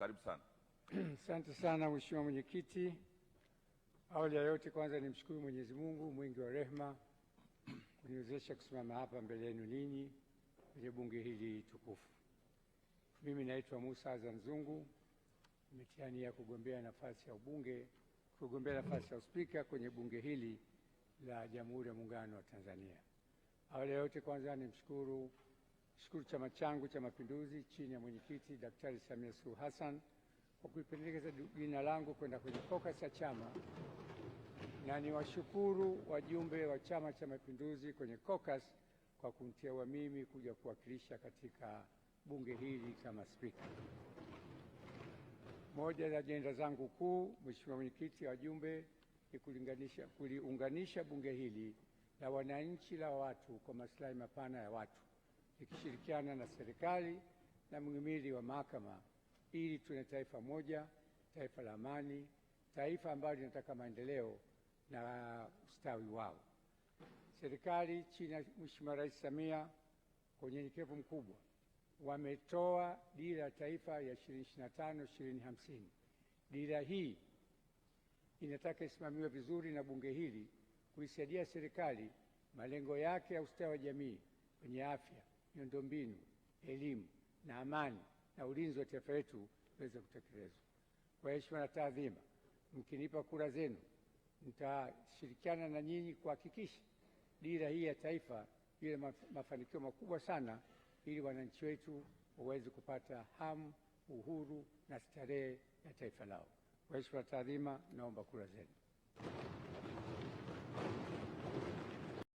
Karibu sana. Asante sana Mheshimiwa Mwenyekiti. Awali ya yote, kwanza nimshukuru Mwenyezi Mungu mwingi wa rehema kuniwezesha kusimama hapa mbele yenu ninyi kwenye bunge hili tukufu. Mimi naitwa Musa Azan Zungu, nimetia nia kugombea nafasi ya ubunge, kugombea nafasi ya uspika kwenye bunge hili la Jamhuri ya Muungano wa Tanzania. Awali ya yote, kwanza nimshukuru Shukuru chama changu cha Mapinduzi chini ya mwenyekiti Daktari Samia Suluhu Hassan kwa kuipendekeza jina langu kwenda kwenye kokas ya chama, na niwashukuru wajumbe wa Chama cha Mapinduzi kwenye kokas kwa kuniteua mimi kuja kuwakilisha katika bunge hili kama spika. Moja ya ajenda zangu kuu, Mheshimiwa Mwenyekiti, wajumbe, ni kuliunganisha bunge hili la wananchi la watu kwa maslahi mapana ya watu ikishirikiana na serikali na mhimili wa mahakama, ili tuna taifa moja, taifa la amani, taifa ambalo linataka maendeleo na ustawi wao. Serikali chini ya Mheshimiwa Rais Samia kwa unyenyekevu mkubwa wametoa dira ya taifa ya 2025 2050. Dira hii inataka isimamiwe vizuri na bunge hili kuisaidia serikali malengo yake ya ustawi wa jamii kwenye afya miundombinu, elimu na amani na ulinzi wa taifa letu iweze kutekelezwa. Kwa heshima na taadhima, mkinipa kura zenu, nitashirikiana na nyinyi kuhakikisha dira hii ya taifa ile mafanikio makubwa sana, ili wananchi wetu waweze kupata hamu, uhuru na starehe ya taifa lao. Kwa heshima na taadhima, naomba kura zenu.